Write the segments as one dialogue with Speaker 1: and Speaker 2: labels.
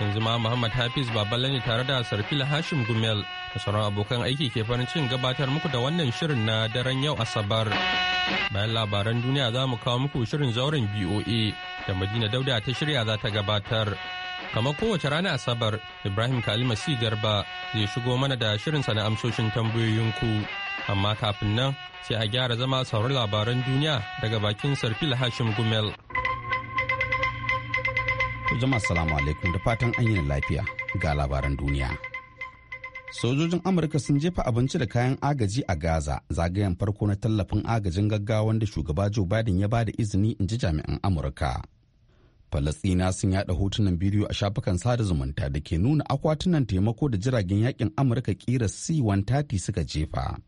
Speaker 1: yanzu ma Muhammad Hafiz Baballe ne tare da sarfil Hashim Gumel da sauran abokan aiki ke farin cikin gabatar muku da wannan shirin na daren yau Asabar. Bayan labaran duniya za mu kawo muku shirin zauren BOA da Madina Dauda ta shirya za ta gabatar. Kamar kowace rana Asabar, Ibrahim Kalima si Garba zai shigo mana da shirinsa na amsoshin tambayoyinku. Amma kafin nan sai a gyara zama sauran labaran duniya daga bakin sarfil Hashim Gumel.
Speaker 2: To jama'a salamu alaikum da fatan an yi lafiya ga labaran duniya. Sojojin Amurka sun jefa abinci da kayan agaji a Gaza zagayen farko na tallafin agajin gaggawa wanda shugaba Joe Biden ya bada izini in ji jami'an Amurka. Falasina sun yada hotunan bidiyo a shafukan sada zumunta da ke nuna akwatunan taimako da jiragen yakin Amurka kira C-130 suka jefa.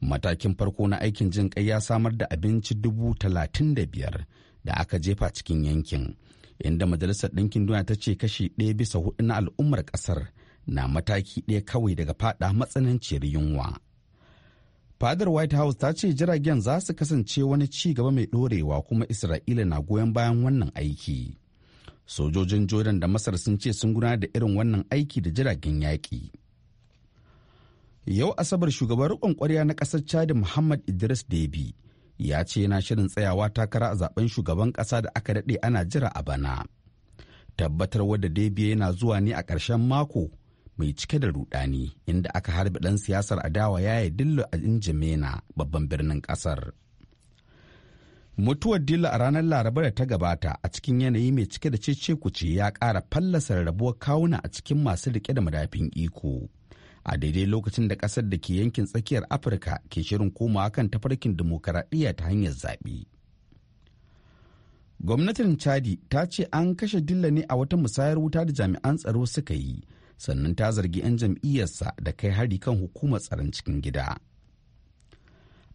Speaker 2: Matakin farko na aikin jin kai ya samar da abinci dubu talatin da biyar da aka jefa cikin yankin inda majalisar ɗinkin duniya ta ce kashi ɗaya bisa hudu na al'ummar ƙasar na mataki ɗaya kawai daga fada matsananciyar yunwa fadar white house ta ce jiragen za su kasance wani ci gaba mai ɗorewa kuma isra'ila na goyon bayan wannan aiki sojojin jordan da masar sun ce sun gudanar da irin wannan aiki da jiragen yaƙi yau asabar shugaban riƙon ƙwarya na ƙasar chad muhammad idris debi ya ce yana shirin tsayawa takara a zaben shugaban kasa da aka daɗe ana jira a bana. Tabbatar wadda Debiya yana zuwa ne a ƙarshen mako mai cike da rudani inda aka harbi ɗan siyasar adawa yi dillo a Injimena babban birnin ƙasar. Mutuwar Dillo a ranar Laraba da ta gabata a cikin yanayi mai cike da cece kuce ya ƙara fallasa rabuwar kawuna a cikin masu riƙe da madafin iko. a daidai lokacin da ƙasar da ke yankin tsakiyar afirka ke shirin komawa kan tafarkin dimokuraɗiyya ta hanyar zaɓe gwamnatin chadi ta ce an kashe dilla ne a wata musayar wuta da jami'an tsaro suka yi sannan ta zargi 'yan jam'iyyarsa da kai hari kan hukumar tsaron cikin gida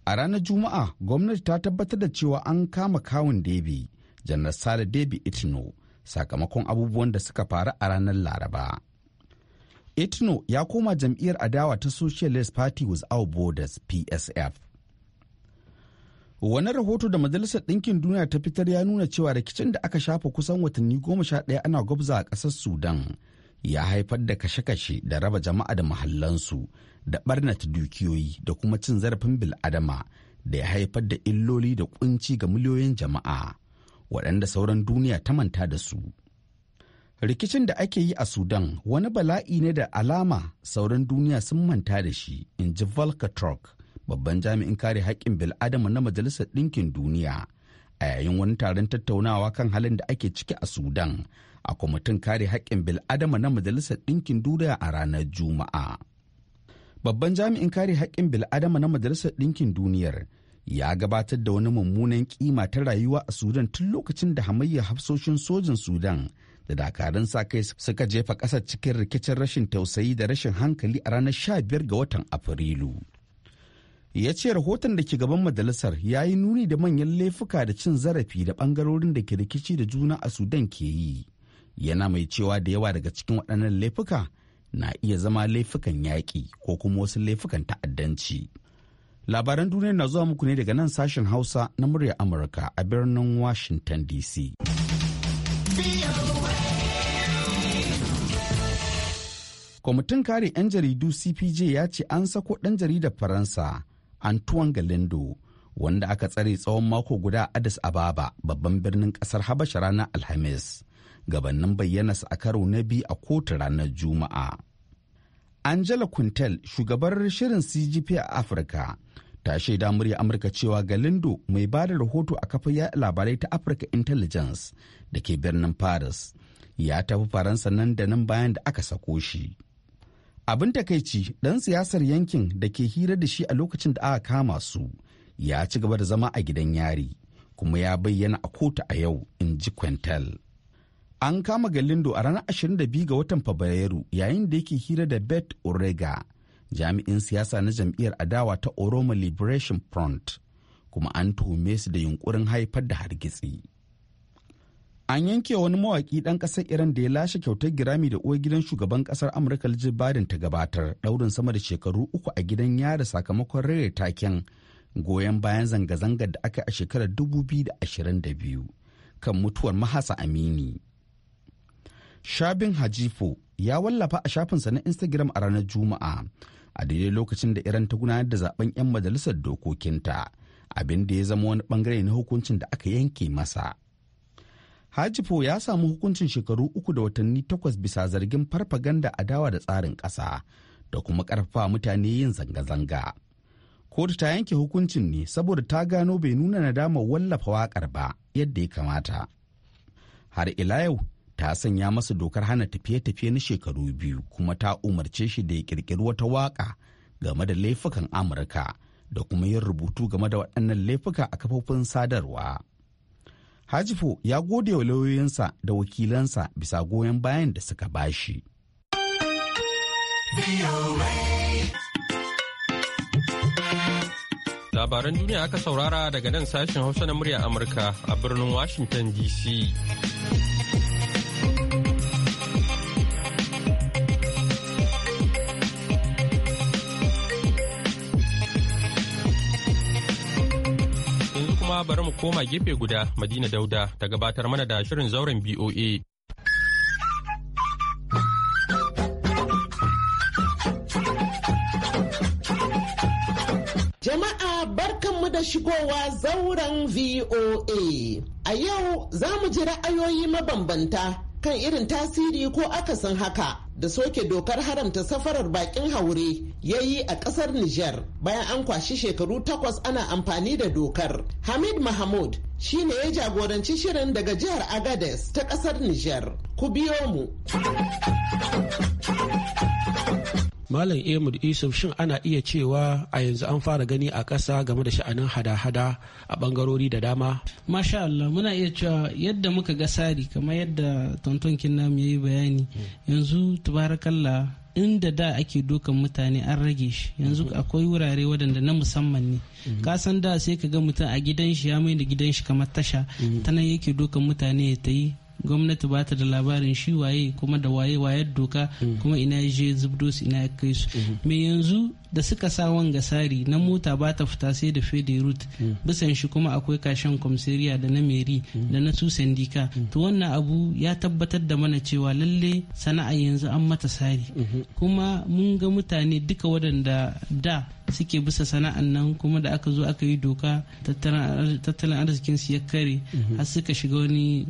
Speaker 2: a ranar juma'a gwamnati ta tabbatar da cewa an kama kawun debi janar sale debi itino sakamakon abubuwan da suka faru a ranar laraba Itno ya koma jam'iyyar adawa ta Socialist Party Without Borders PSF. Wani rahoto da Majalisar Ɗinkin Duniya ta fitar ya nuna cewa rikicin da aka shafa kusan watanni goma sha ɗaya ana gwabza a ƙasar Sudan ya haifar da kashe-kashe da raba jama'a da mahallansu da ɓarnata dukiyoyi da kuma cin zarafin bil'adama da ya haifar da illoli da kunci ga miliyoyin jama'a waɗanda sauran duniya ta manta da su. rikicin da ake yi a sudan wani bala'i ne da alama sauran duniya sun manta da shi in ji babban jami'in kare haƙƙin bil'adama na majalisar ɗinkin duniya a yayin wani taron tattaunawa kan halin da ake ciki a sudan a kwamitin kare haƙƙin bil'adama na majalisar ɗinkin duniya a ranar juma'a babban jami'in kare haƙƙin bil'adama na majalisar ɗinkin duniyar ya gabatar da wani mummunan kima ta rayuwa a sudan tun lokacin da hamayya hafsoshin sojin sudan da dakarun sa kai suka jefa ƙasar cikin rikicin rashin tausayi da rashin hankali a ranar 15 ga watan Afrilu. Ya ce rahoton da ke gaban majalisar ya yi nuni da manyan laifuka da cin zarafi da ɓangarorin da ke rikici da juna a Sudan ke yi. Yana mai cewa da yawa daga cikin waɗannan laifuka na iya zama laifukan yaƙi ko kuma wasu laifukan ta'addanci. Labaran duniya na zuwa muku ne daga nan sashen Hausa na muryar Amurka a birnin Washington DC. kwamitin kare 'yan jaridu cpj ya ce an sako ɗan jaridar faransa antoine galindo wanda aka tsare tsawon mako guda a addis ababa babban birnin kasar habasha ranar alhamis gabanin bayyana a karo na biyu a kotu ranar juma'a angela quintel shugabar shirin cgp a afirka ta shaida murya amurka cewa galindo mai ba da rahoto a kafin ya labarai ta africa intelligence da ke birnin paris ya tafi faransa nan da nan bayan da aka sako shi abin takaici ɗan siyasar yankin da ke hira da shi a lokacin da aka kama su ya ci gaba da zama a gidan yari kuma ya bayyana a kotu a yau in ji kwentel an kama galindo a ranar 22 ga watan fabrairu yayin da yake hira da bet orega jami'in siyasa na jam'iyyar adawa ta oromo liberation front kuma an tuhume su da yunkurin haifar da hargitsi an yanke wani mawaki ɗan ƙasar iran da ya lashe kyautar girami da uwar gidan shugaban ƙasar amurka jill biden ta gabatar ɗaurin sama da shekaru uku a gidan yari sakamakon rere taken goyon bayan zanga-zangar da aka a shekarar dubu da ashirin biyu kan mutuwar mahasa amini shabin hajifo ya wallafa a shafinsa na instagram a ranar juma'a a daidai lokacin da iran ta gudanar da zaben 'yan majalisar dokokinta abin da ya zama wani bangare na hukuncin da aka yanke masa hajifo ya samu hukuncin shekaru uku da watanni takwas bisa zargin farfaganda adawa da tsarin ƙasa da kuma ƙarfafa mutane yin zanga-zanga kotu ta yanke hukuncin ne saboda ta gano bai nuna nadama wallafa waƙar ba yadda ya kamata har ila yau ta sanya masa dokar hana tafiye-tafiye na shekaru biyu kuma ta umarce shi da ya ƙirƙiri wata waƙa game da laifukan amurka da kuma yin rubutu game da waɗannan laifuka a kafofin sadarwa Hajifu ya gode wa lauyoyinsa da wakilansa bisa goyon bayan da suka bashi.
Speaker 1: Labaran duniya aka saurara daga nan sashen Hausa na murya Amurka a birnin Washington DC. bari mu koma gefe guda Madina Dauda ta gabatar mana da shirin zauren BOA.
Speaker 3: Jama'a barkanmu da shigowa zauren VOA. A yau za mu ji ra'ayoyi mabambanta kan irin tasiri ko akasin haka da soke dokar haramta safarar bakin haure ya yi a kasar Nijar bayan an kwashi shekaru takwas ana amfani da dokar. Hamid Mahmud shi ne ya jagoranci shirin daga jihar Agades ta kasar Nijar. Ku biyo mu.
Speaker 4: Malam Ahmad Isuf shin ana iya cewa a yanzu an fara gani a ƙasa game da sha'anin hada-hada a bangarori da dama?
Speaker 5: Masha Allah muna iya cewa yadda muka ga sari kamar yadda tonton Kinnam ya yi bayani yanzu tubarakallah inda da ake dokan mutane an rage shi yanzu akwai wurare waɗanda na musamman ne kasan da sai ka ga mutum a gidan shi ya mai da gidan shi kamar tasha ta nan yake dokan mutane ya ta yi gwamnati ba ta da labarin shi waye kuma da waye wayar doka mm. kuma ina je zubdo su ina kai su mm-hmm. me yanzu da suka sa wanga sari na mota ba ta fita sai da fede root mm. bisan shi kuma akwai kashen komisariya da na meri mm. da na su sandika to wannan abu ya tabbatar da mana cewa lalle sana'a yanzu an mata sari mm-hmm. kuma mun ga mutane duka waɗanda da suke bisa sana'an nan kuma da aka zo aka yi doka tattalin arzikin su ya kare mhm. har suka shiga wani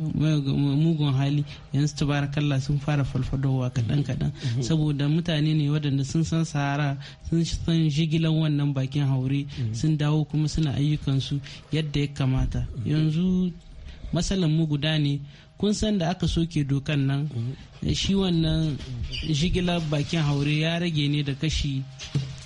Speaker 5: mugun hali yanzu tabarakallah sun fara falfadowa kadan kaɗan mhm. saboda mutane ne waɗanda sun san sahara sun san jigilan wannan bakin haure mhm. sun dawo kuma suna ayyukansu yadda ya kamata yanzu matsalan mu guda ne kun san da aka soke dokan nan shi wannan jigilar bakin haure ya rage ne da kashi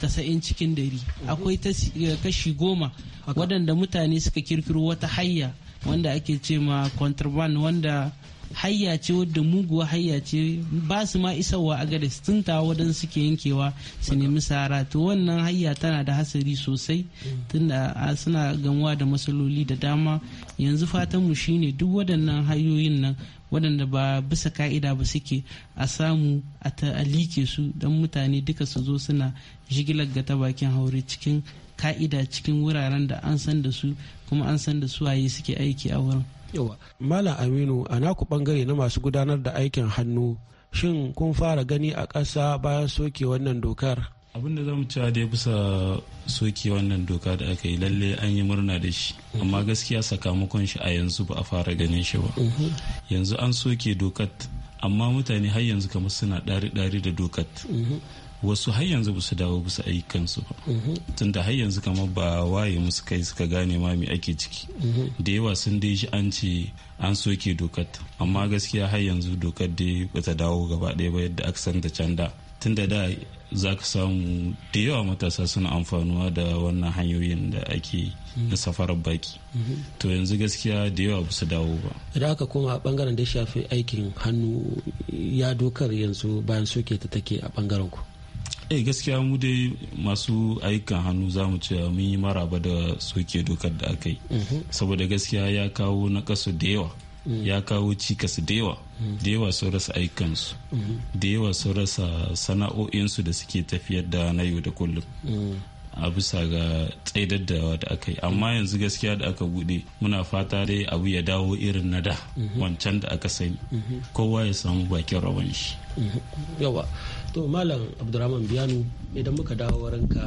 Speaker 5: tasa'in cikin dari akwai eh, kashi goma waɗanda mutane suka kirkiro wata hayya wanda ake ce ma contraband wanda hayya ce wadda muguwa hayya ce ba su ma isarwa a gada sun tawa suke yankewa su nemi sara to wannan hayya tana da hasari sosai tunda suna gamuwa da matsaloli da dama yanzu fatanmu shine duk waɗannan hayoyin nan waɗanda ba bisa ka'ida ba suke a samu a ta'alike su don mutane duka su zo suna jigilar ga ta bakin haure cikin ka'ida cikin wuraren da an san da su kuma an san da su waye suke aiki a wurin.
Speaker 4: yawa malam aminu a naku bangare na masu gudanar da aikin hannu shin kun fara gani a ƙasa bayan soke wannan dokar
Speaker 6: abin da zamu cewa ya bisa soke wannan doka da aka yi lalle an yi murna da shi amma gaskiya sakamakon shi a yanzu ba a fara ganin shi ba yanzu an soke dokat amma mutane har yanzu kamar suna ɗari-ɗari da dokat wasu har yanzu ba su dawo bisa ayyukansu ba tunda har yanzu kamar ba waye musu kai suka gane ma me ake ciki da yawa sun dai shi an ce an soke dokat amma gaskiya har yanzu dokat dai bata dawo gaba ɗaya ba yadda aka san can canda. tun da da za ka samu da yawa matasa suna amfanuwa da wannan hanyoyin da ake na safarar baki to yanzu gaskiya da yawa ba su dawo ba
Speaker 4: idan aka koma a bangaren da shafi aikin hannu ya dokar yanzu bayan soke ta take a bangaren ku eh
Speaker 6: gaskiya mu dai masu aikin hannu za mu ce mun yi maraba da soke dokar da aka yi mhm. saboda gaskiya ya kawo na kasu da yawa ya kawo cikas da yawa da yawa sun rasa aikansu da yawa sun rasa sana'o'insu da suke tafiyar da na yau da kullum a bisa ga tsaidaddawa da aka yi amma yanzu gaskiya da aka bude muna fata dai abu ya dawo irin na da wancan da aka sani
Speaker 4: kowa ya samu
Speaker 6: bakin rawan shi
Speaker 4: to malam abdurrahman biyanu idan muka dawo warinka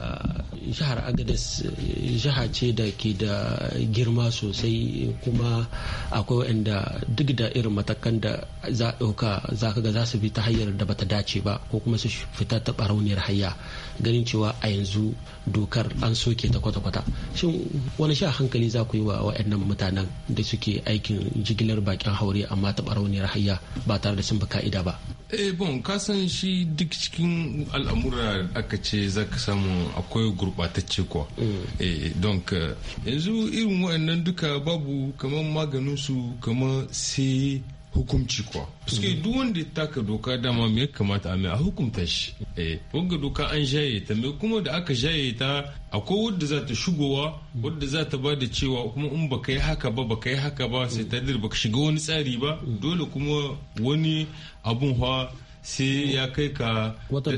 Speaker 4: jihar agadis jiha ce da ke da girma sosai kuma akwai waɗanda duk da irin matakan da za a ɗauka za ka ga za su bi ta hanyar da bata dace ba ko kuma su fita ta barauniyar hayya ganin cewa a yanzu dokar an soke ta kwata-kwata shin wani sha hankali za ku yi wa waɗannan mutanen da suke aikin jigilar bakin haure amma ta barauniyar hayya ba tare da sun bi ka'ida ba
Speaker 7: eh bon kasan shi duk cikin al'amura aka ce za ka samu akwai gurɓatacce kuwa mm. eh, don yanzu irin waɗannan duka babu kamar maganin su kamar sai hukumci kuwa suke mm. duk wanda ta taka doka dama me kamata a mai a hukumta shi eh wanga doka an shaye ta me kuma da aka shaye ta akwai wadda za ta shigowa mm. wadda za ta ba da cewa kuma in baka yi haka ba baka yi haka ba sai ta baka shiga wani tsari ba dole kuma wani abun hawa sai ya kai ka wata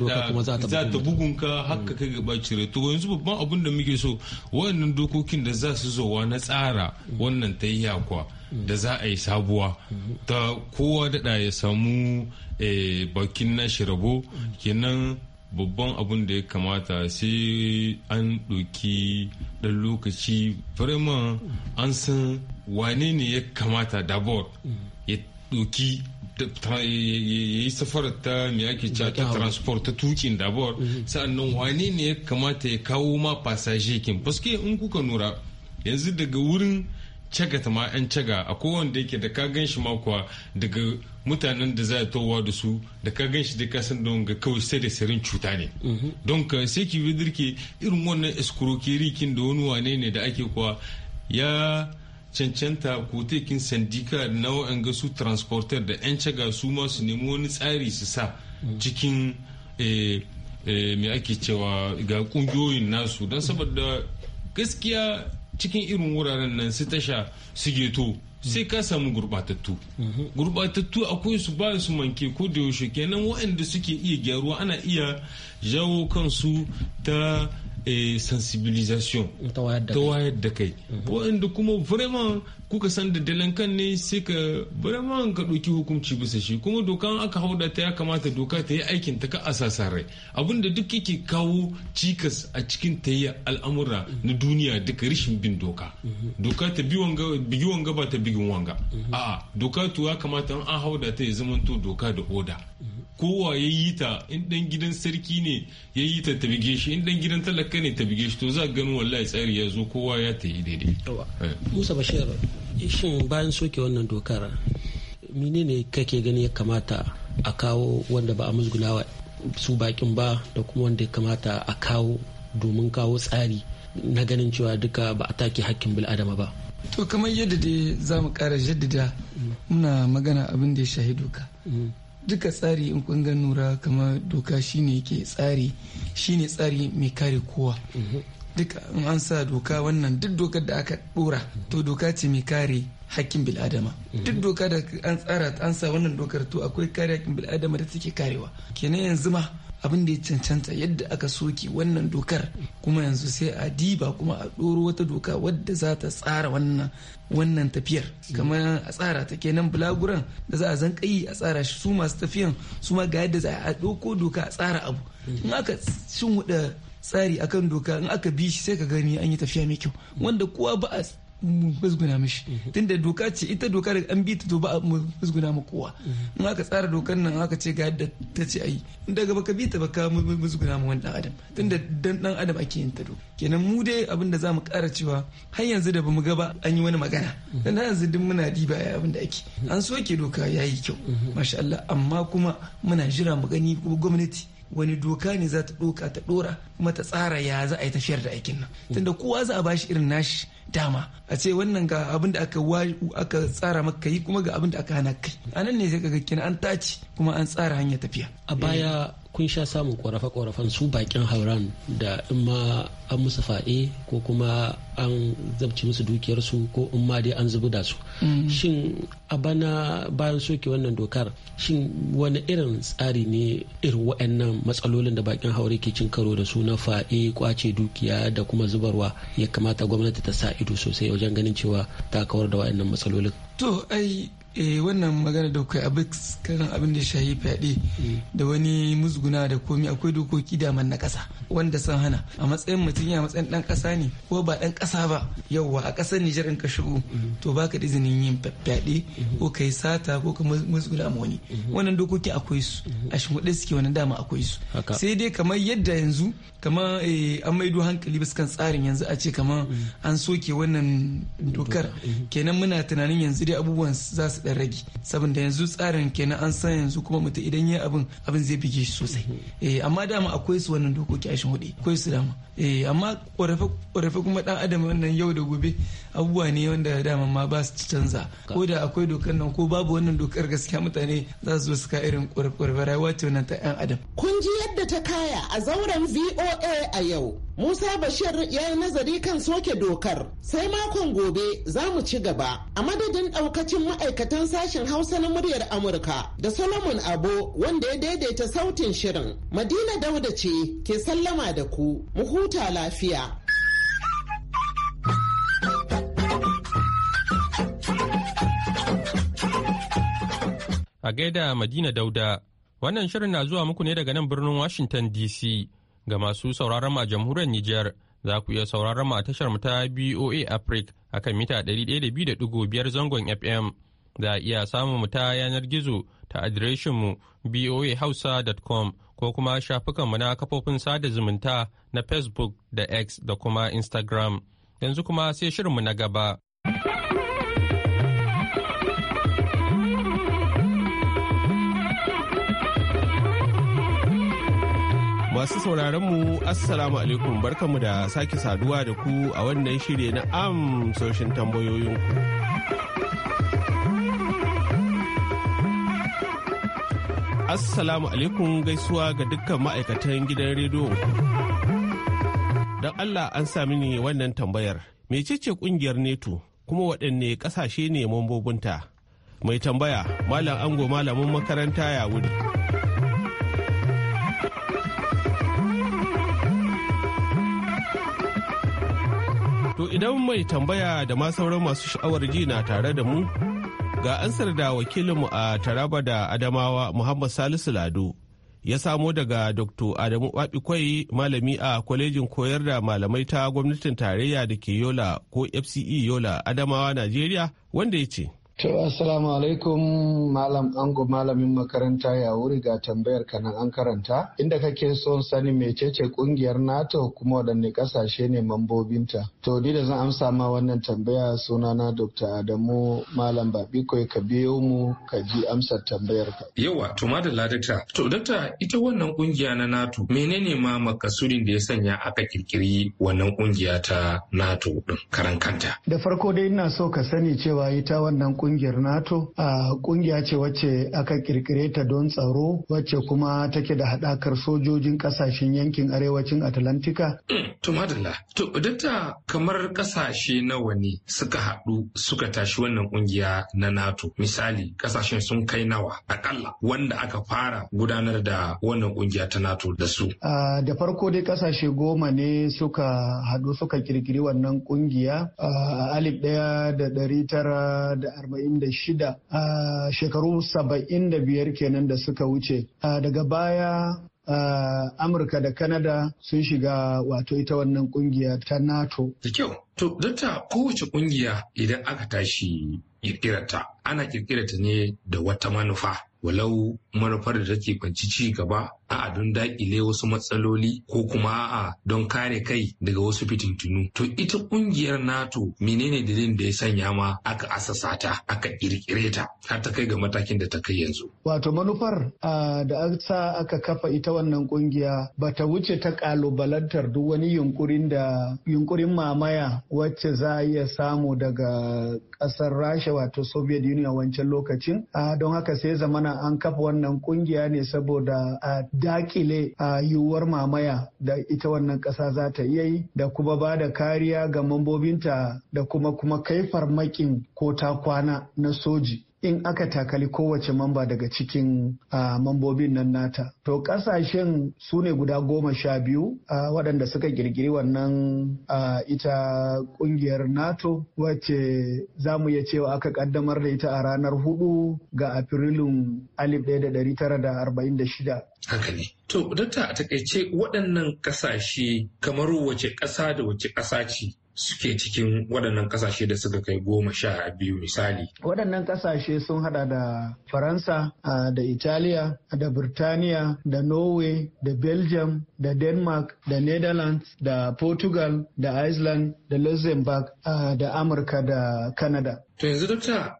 Speaker 7: za ta bugun hmm. ka haka kai gaba cire to yanzu babban abin da muke so wannan dokokin da za su zowa na tsara wannan ta yi yakwa hmm. da za a yi sabuwa hmm. ta kowa daɗa ya samu eh, bakin na rabo kenan babban abin da ya kamata sai an ɗoki ɗan lokaci vraiment an san wane ne ya kamata dabor ya ɗoki yi safarar ta me ake ta transport ta tukin dabor mhm. sa'annan wane ne ya kamata ya kawo ma fasaje kin paske in kuka nura yanzu daga wurin ta ma 'yan caga a da yake da ka gan shi makuwa daga mutanen da za a towa da su da ka gan shi da ka san don ga kawai sai da sirin cuta ne don ka sai ki bidirke irin wannan eskurokeri kin da wani wane ne da ake kuwa ya cancanta ko tekin sandika na wa'anga su transporter da 'yan caga su ma su nemi wani tsari su sa cikin eh, eh, mai ake cewa ga kungiyoyin nasu don saboda gaskiya cikin irin wuraren nan su tasha su geto sai ka samu gurbatattu gurbatattu akwai su ba su manke ko da yaushe kenan waɗanda suke iya gyaruwa ana iya jawo kansu ta Eh, sensibilisation
Speaker 4: ta wayar da kai mhm.
Speaker 7: waɗanda kuma vraiment kuka san da dalankan ne sai ka vraiment ka ɗauki hukunci bisa shi kuma doka aka hauda ta ya kamata doka ta yi aikin ta ka asasa rai abinda duk yake kawo cikas a cikin ta yi al'amura na duniya duka rishin bin doka mhm. doka ta bigi wanga ba ta bigin wanga mhm. a'a doka to ya kamata an hauda ta ya zamanto doka da oda kowa ya yi ta in dan gidan sarki ne ya yi ta tabige shi in dan gidan talaka ne tabige shi to za ganin wallahi tsari ya zo kowa ya ta yi daidai eh.
Speaker 4: musa bashir shin bayan soke wannan dokar menene kake gani ya kamata a kawo wanda ba a musgunawa su bakin ba da kuma wanda ya kamata a kawo domin kawo tsari na ganin cewa duka ba a take hakkin bil'adama ba
Speaker 8: to kamar yadda dai za mu kara jaddada mm. muna magana abin da ya shahi doka mm. duka tsari in kun gan nura kamar doka shine ke tsari shine tsari mai kare kowa mhm. duka in an sa doka wannan duk dokar da aka dora to doka ce mai kare hakkin bil'adama mhm. duk doka da an tsara an sa wannan dokar to akwai kare hakkin bil'adama da take karewa kenan yanzu ma abin da ya cancanta yadda aka soke wannan dokar kuma yanzu sai a diba kuma a ɗoro wata doka wadda za ta tsara wannan tafiyar kamar a tsara ta kenan bulaguran da za a zan a tsara shi su masu tafiyan su ma ga yadda za a ɗoko doka a tsara abu in aka shin tsari akan doka in aka bi shi sai ka gani an yi tafiya mai kyau wanda kowa ba a mu mishi mhm. tunda doka ce ita doka da an bi ta to ba mu musguna mu kowa mhm. in aka tsara dokar nan aka ce ga yadda ta ce ayi daga baka bi ta baka musguna mu wani adam tunda dan dan adam ake yin ta doka kenan mu dai abin da zamu kara cewa har yanzu da bamu ga ba an yi wani magana mhm. dan yanzu duk muna diba ya abin da ake an soke doka yayi kyau masha Allah amma kuma muna jira mu gani gwamnati wani doka ne za ta doka ta dora kuma ta tsara ya za a yi tafiyar da aikin nan tunda kowa za a bashi irin nashi dama a ce wannan ga abin da aka aka tsara maka yi kuma ga abin da aka hana kai anan ne sai kaga kina an tace kuma an tsara hanyar tafiya a baya eh. kun sha samun ƙorafe-ƙorafen su bakin
Speaker 4: hauran da in ma an musu fa'e ko kuma an zabci musu dukiyarsu ko in ma dai an da su mm. shin a bana bayan soke wannan dokar shin wani irin tsari ne irin waɗannan matsalolin da bakin haure ke cin karo da su na fa'e kwace dukiya da kuma zubarwa ya kamata gwamnati ta sa ido sosai wajen ganin cewa ta kawar da waɗannan matsalolin
Speaker 8: to ai eh wannan magana da kai abin karin abin da shahi fyaɗe mm. da wani musguna da komi akwai dokoki da man na ƙasa wanda sun hana a matsayin mutum ya matsayin ɗan ƙasa ne ko ba ɗan ƙasa ba yauwa a ƙasar Nijar in ka shigo mm. to baka izinin yin fyaɗe mm-hmm. ko kai sata ko ka musguna ma wani mm-hmm. wannan dokoki akwai su mm-hmm. a shimfiɗe suke wani dama akwai su sai dai kamar yadda yanzu kamar eh, an maido hankali bisa kan tsarin yanzu a ce kamar mm. an soke wannan dokar kenan muna tunanin yanzu dai abubuwan za su dan rage saboda yanzu tsarin kenan an san yanzu kuma mutum idan ya abin abin zai bige shi sosai eh amma dama akwai su wannan dokoki a hudu akwai su dama eh amma korafe korafe kuma dan adam wannan yau da gobe abubuwa ne wanda dama ma ba su canza ko da akwai dokar nan ko babu wannan dokar gaskiya mutane za su zo su ka irin korafe korafe rayuwa ce wannan ta yan adam
Speaker 3: kun ji yadda ta kaya a zauren VOA a yau Musa Bashir ya yi nazari kan soke dokar sai makon gobe za mu ci gaba a madadin daukacin ma'aikata ma'aikatan sashen Hausa na muryar Amurka da Solomon Abo wanda ya daidaita sautin shirin. Madina Dauda ce ke sallama da ku, mu huta lafiya.
Speaker 1: A gaida Madina Dauda, wannan shirin na zuwa muku ne daga nan birnin Washington DC ga masu sauraron ma jamhuriyar Nijar. za ku iya sauraron mu a tashar mu ta BOA Africa akan mita 102.5 zangon FM. Za a iya samun mu ta yanar gizo ta adireshinmu boahausa.com ko kuma shafukanmu na kafofin sada zumunta na Facebook da X da kuma Instagram. Yanzu kuma sai shirinmu na gaba.
Speaker 9: Masu sauraronmu mu Assalamu alaikum barkanmu da sake saduwa da ku a wannan shirye na amsoshin tambayoyinku. Assalamu alaikum gaisuwa ga dukkan ma'aikatan gidan rediyo. Don Allah an sami ne wannan tambayar. Mecece kungiyar neto kuma waɗanne ƙasashe ne mambobinta? Mai tambaya, Malam Ango malamin makaranta ya wuri. To idan mai tambaya da ma sauran masu sha'awar ji na tare da mu, Ga ansar da wakilinmu a Taraba da Adamawa Muhammad Salisu Lado ya samo daga Dr. Adamu Babikwai malami a kwalejin koyar da malamai ta gwamnatin tarayya da ke Yola ko FCE Yola Adamawa Najeriya wanda ya ce.
Speaker 10: To assalamu alaikum malam ango malamin makaranta ya wuri ga tambayar ka an karanta inda kake son sani mecece kungiyar NATO kuma waɗanne ƙasashe ne mambobinta. To ni da zan amsa ma wannan tambaya sunana Dr. Adamu Malam Babiko ka biyo mu ka ji amsar tambayar ka.
Speaker 11: Yawa to madalla dakta. To dakta ita wannan kungiya na NATO menene ma makasudin da ya sanya aka kirkiri wannan kungiya ta NATO din karan kanta.
Speaker 10: Da farko dai ina so ka sani cewa ita wannan kungiya kungiyar nato a kungiya ce wacce aka kirkire ta don tsaro wacce kuma take da haɗakar sojojin ƙasashen yankin arewacin atlantika to madalla
Speaker 11: to dakta kamar ƙasashe nawa ne suka haɗu suka tashi wannan kungiya na nato misali ƙasashen sun kai nawa akalla wanda aka fara gudanar da wannan kungiya ta nato da su
Speaker 10: da farko dai ƙasashe goma ne suka haɗu suka kirkiri wannan kungiya a alif ɗaya da ɗari da 1976 a shekaru 75 kenan da suka wuce daga baya Uh, Amurka da Kanada sun shiga wato ita wannan kungiya ta NATO. Da kyau, to datta kowace kungiya
Speaker 11: idan aka tashi kirkirarta, ana kirkirarta ne da wata manufa, walau manufar da take kwanci ci gaba a'a don dakile wasu matsaloli ko kuma a don kare kai daga wasu fitintunu to ita kungiyar nato menene dalilin da ya sanya ma aka asasa ta aka kirkire ta har ta kai ga matakin da ta kai yanzu
Speaker 10: wato manufar da aka aka kafa ita wannan kungiya bata wuce ta kalubalantar duk wani yunkurin da yunkurin mamaya wacce za a iya samu daga kasar rasha wato soviet union wancan lokacin don haka sai zamana an kafa wannan kungiya ne saboda dakile a yiwuwar mamaya da ita wannan ƙasa za ta yi da kuma ba da kariya ga mambobinta da kuma kuma kai farmakin ko ta kwana na soji in aka takali kowace mamba daga cikin uh, mambobin nan nata. To kasashen su ne guda goma sha biyu uh, waɗanda suka girgiri wannan uh, ita ƙungiyar NATO wacce za mu iya cewa aka ƙaddamar da ita a ranar hudu ga Afrilun 1946. Haka
Speaker 11: ne. To, dakta a takaice waɗannan ƙasashe kamar wace ƙasa da wace ƙasa ce suke cikin waɗannan ƙasashe da suka kai goma sha biyu misali.
Speaker 10: Waɗannan ƙasashe sun hada da Faransa da Italiya da Birtaniya da Norway da Belgium da Denmark da Netherlands da Portugal da Iceland da Luxembourg da Amurka da Canada.
Speaker 11: To yanzu dokta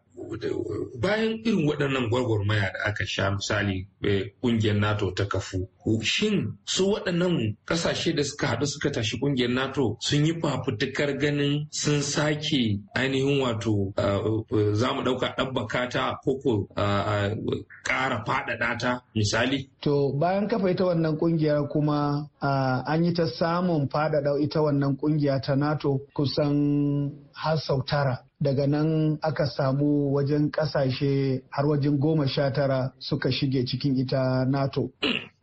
Speaker 11: bayan irin waɗannan gwagwarmaya da aka sha misali eh, ƙungiyar nato ta kafu shin su waɗannan ƙasashe da suka haɗu suka tashi ƙungiyar nato sun yi fafutukar ganin sun sake ainihin wato eh, eh, za mu ɗauka ɗabbaka ta koko ƙara faɗaɗa ta misali
Speaker 10: to bayan kafa ita wannan ƙungiyar kuma an yi ta samun faɗaɗa ita wannan ƙungiya ta nato kusan har sau tara daga nan aka samu wajen ƙasashe har wajen goma sha tara suka shige cikin ita nato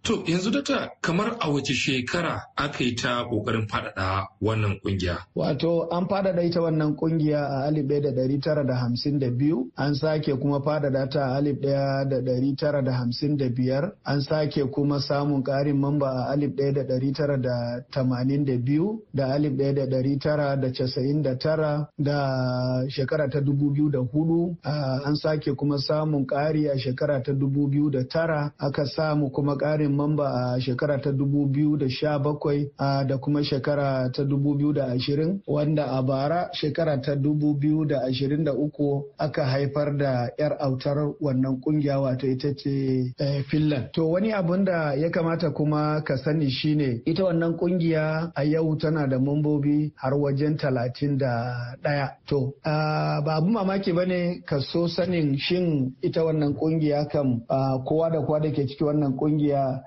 Speaker 11: To yanzu data kamar a wace shekara aka yi ta kokarin faɗaɗa wannan ƙungiya?
Speaker 10: Wato an faɗaɗa ita wannan ƙungiya a alif ɗaya da ɗari tara da hamsin da biyu, an sake kuma faɗaɗa ta a alif ɗaya da ɗari tara da hamsin da biyar, an sake kuma samun ƙarin mamba a alif ɗaya da ɗari tara da tamanin da biyu, da alif ɗaya da ɗari tara da casa'in da tara da shekara ta dubu biyu da hudu, an sake kuma samun ƙari a shekara ta dubu biyu da tara, aka samu kuma ƙarin matsayin mamba a shekara ta 2017 da kuma shekara ta 2020 wanda a bara shekara ta 2023 aka haifar da 'yar autar wannan kungiya wato ita ce eh, Finland. To wani abun da ya kamata kuma ka sani shine ita wannan kungiya a yau tana da mambobi har wajen talatin da ɗaya. To ba abu mamaki ba ne ka so sanin shin ita wannan kungiya kan kowa da kowa da ke ciki wannan kungiya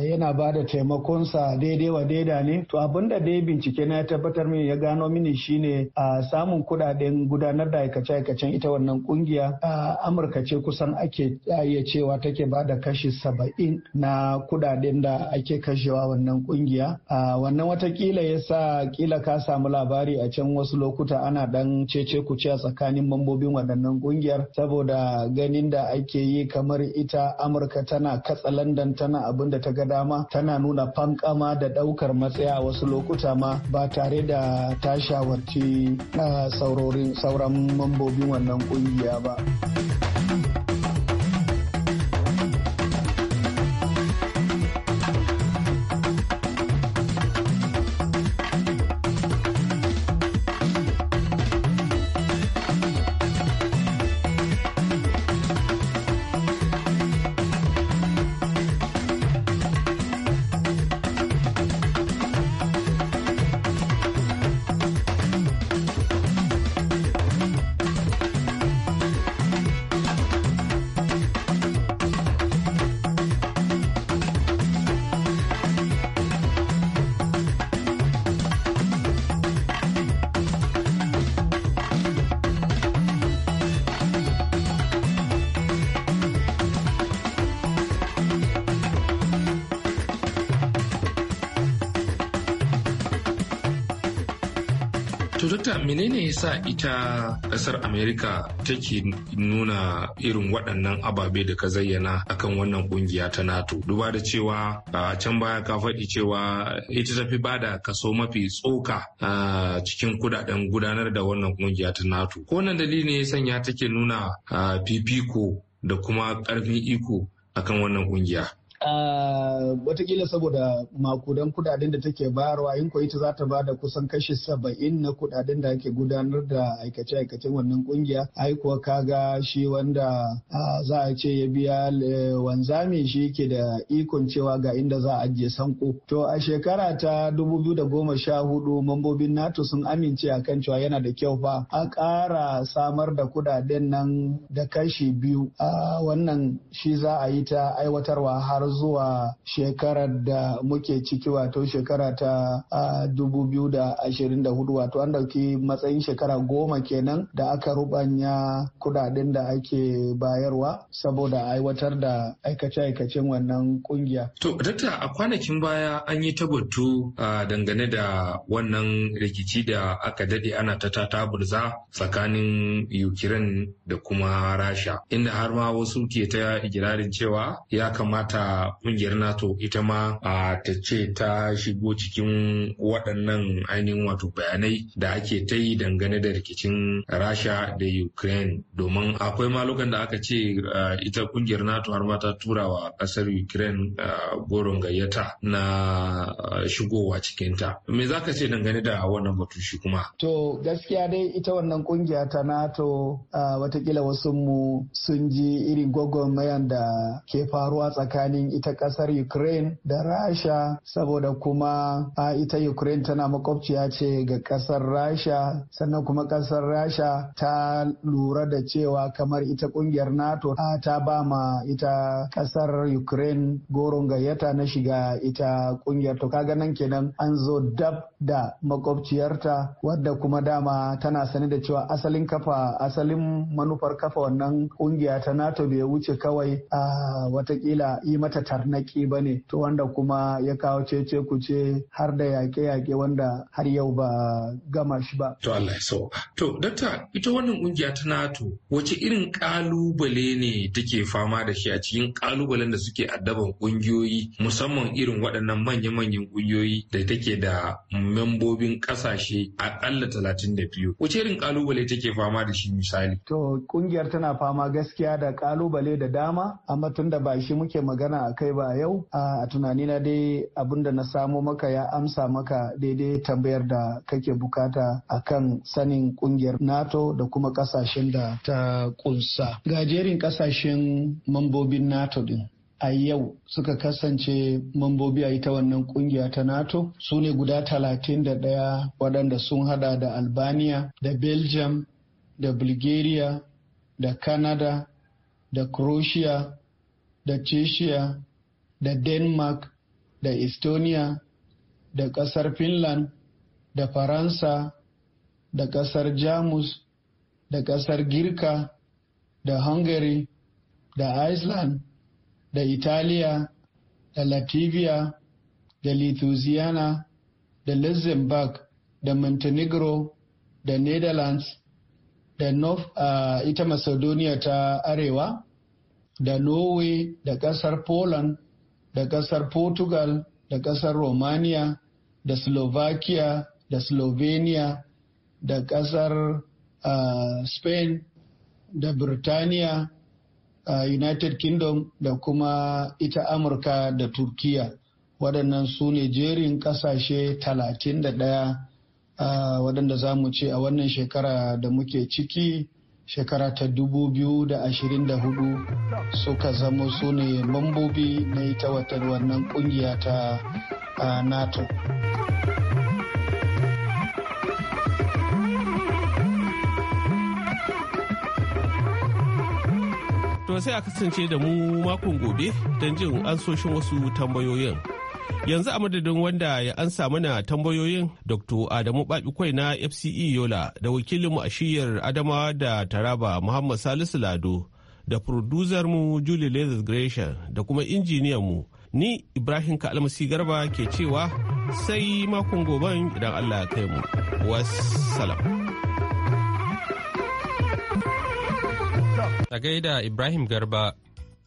Speaker 10: yana ba da taimakonsa daidai wa daida ne to abin da dai bincike na ya tabbatar mini ya gano mini shine a samun kudaden gudanar da aikace-aikacen ita wannan kungiya a amurka ce kusan ake iya cewa take ba da kashi saba'in na kudaden da ake kashewa wannan kungiya wannan watakila ya sa kila ka samu labari a can wasu lokuta ana dan cece ku kuce a tsakanin mambobin waɗannan kungiyar saboda ganin da ake yi kamar ita amurka tana katsa landan tana abin da ta ga dama tana nuna fankama da ɗaukar matsaya a wasu lokuta ma ba tare da ta shawarci ah, sauran mambobin wannan kungiya ba.
Speaker 11: Dokta menene yasa ita ƙasar Amerika take nuna irin waɗannan ababe da ka zayyana akan wannan ƙungiya ta NATO? Duba da cewa a can baya ka faɗi cewa ita tafi bada kaso mafi tsoka a cikin kudaden gudanar da wannan ƙungiya ta NATO. Ko nan dalili ne ya sanya take nuna fifiko da kuma ƙarfin iko akan wannan ƙungiya?
Speaker 10: Ah, watakila saboda makudan kudaden da take bayarwa in ita za ta ba da kusan kashi saba'in na kudaden da ake gudanar da aikace-aikacen wannan kungiya ai kuwa kaga shi wanda ah, za a ce ya biya eh, wanzami shi ke da ikon cewa ga inda za a ajiye sanko to a shekara ta goma sha hudu, mambobin nato sun amince a kan cewa yana da kyau fa a ƙara samar da kudaden nan da kashi biyu ah, wannan shi za a yi ta aiwatarwa har zuwa shekarar da muke ciki wato shekara ta dubu biyu da hudu wato an dauki matsayin shekara goma kenan da aka rubanya kudaden da ake bayarwa saboda aiwatar da aikace-aikacen wannan kungiya.
Speaker 11: To, dakta a kwanakin baya an yi tabbatu dangane da wannan rikici da aka dade ana ta taburza tsakanin Ukraine da kuma Rasha, inda har ma wasu ke ta igirarin cewa ya kamata kungiyar nato ita ma ta ce ta shigo cikin waɗannan ainihin wato bayanai da ake ta yi dangane da rikicin rasha da ukraine domin akwai malukan da aka ce ita kungiyar nato har ma ta tura wa ƙasar ukraine goron gayyata na shigowa cikinta me za ka ce dangane da wannan batu shi kuma
Speaker 10: to gaskiya dai ita wannan kungiya ta nato watakila wasu mu sun ji irin gwagwarmayan da ke faruwa tsakanin ita kasar Ukraine da Rasha saboda kuma a ita Ukraine tana makwabciya ce ga kasar Rasha sannan kuma kasar Rasha ta lura da cewa kamar ita kungiyar NATO ta ba ma ita kasar Ukraine goron gayyata na shiga ita kungiyar to kaga nan kenan an zo dab da makwabciyarta wadda kuma dama tana sani da cewa asalin kafa asalin manufar kafa wannan kungiya ta NATO bai wuce kawai a watakila yi mata masa tarnaki ba ne to wanda kuma ya kawo cece kuce har da yaƙe-yaƙe wanda har yau ba gama shi ba. To Allah so.
Speaker 11: To dakta ita wannan ƙungiyar ta NATO wace irin ƙalubale ne take fama da shi a cikin ƙalubalen da suke addaban ƙungiyoyi musamman irin waɗannan manya-manyan ƙungiyoyi da take da membobin ƙasashe a aƙalla talatin da biyu. Wace irin ƙalubale take fama da shi misali?
Speaker 10: To ƙungiyar tana fama gaskiya da ƙalubale da dama amma tun da ba shi muke magana magana a kai ba yau a tunani na dai abin da na samo maka ya amsa maka daidai tambayar da kake bukata kan sanin kungiyar nato da kuma kasashen da ta kunsa gajerin kasashen mambobin nato din a yau suka kasance mambobi a ita wannan kungiya ta nato su ne guda 31 waɗanda sun hada da albania da belgium da bulgaria da canada da croatia da Czechia da Denmark da Estonia da ƙasar Finland da Faransa da ƙasar Jamus da ƙasar Girka da Hungary da Iceland da Italiya da Latvia da Lithuania da Luxembourg da Montenegro da Netherlands da North uh, ita Macedonia ta Arewa da norway da ƙasar poland da ƙasar portugal da ƙasar romania da slovakia da slovenia da kasar uh, spain da birtaniya uh, united kingdom da kuma ita amurka da turkiya waɗannan su ne jerin ƙasashe 31 uh, waɗanda za mu ce a wannan shekara da muke ciki shekara ta 2024 suka zamo su ne mambobi na ita watan wannan kungiya ta nato
Speaker 9: to sai a kasance da mu makon gobe don jin ansoshin wasu tambayoyin yanzu a madadin wanda ya ansa mana tambayoyin dr adamu babikwai na fce yola da wakilinmu a shiyar adama da taraba muhammad salisu lado da producer mu julie lezis gresham da kuma injiniyan mu ni ibrahim kalmasi garba ke cewa sai makon goban idan allah kai mu wassalam
Speaker 1: a gaida ibrahim garba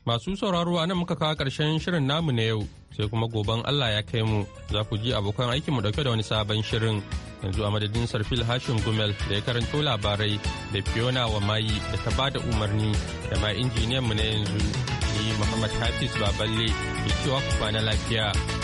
Speaker 1: masu sauraro a nan muka kawo ƙarshen shirin namu na yau sai kuma goban Allah ya kai mu za ku ji abokan aikinmu ɗauke da wani sabon shirin yanzu a madadin sarfil hashim gumel da ya karanto labarai da fiona wa mayi da ta bada umarni da ma injiniyan mu na yanzu ni muhammad hafiz baballe ke cewa ku kwana lafiya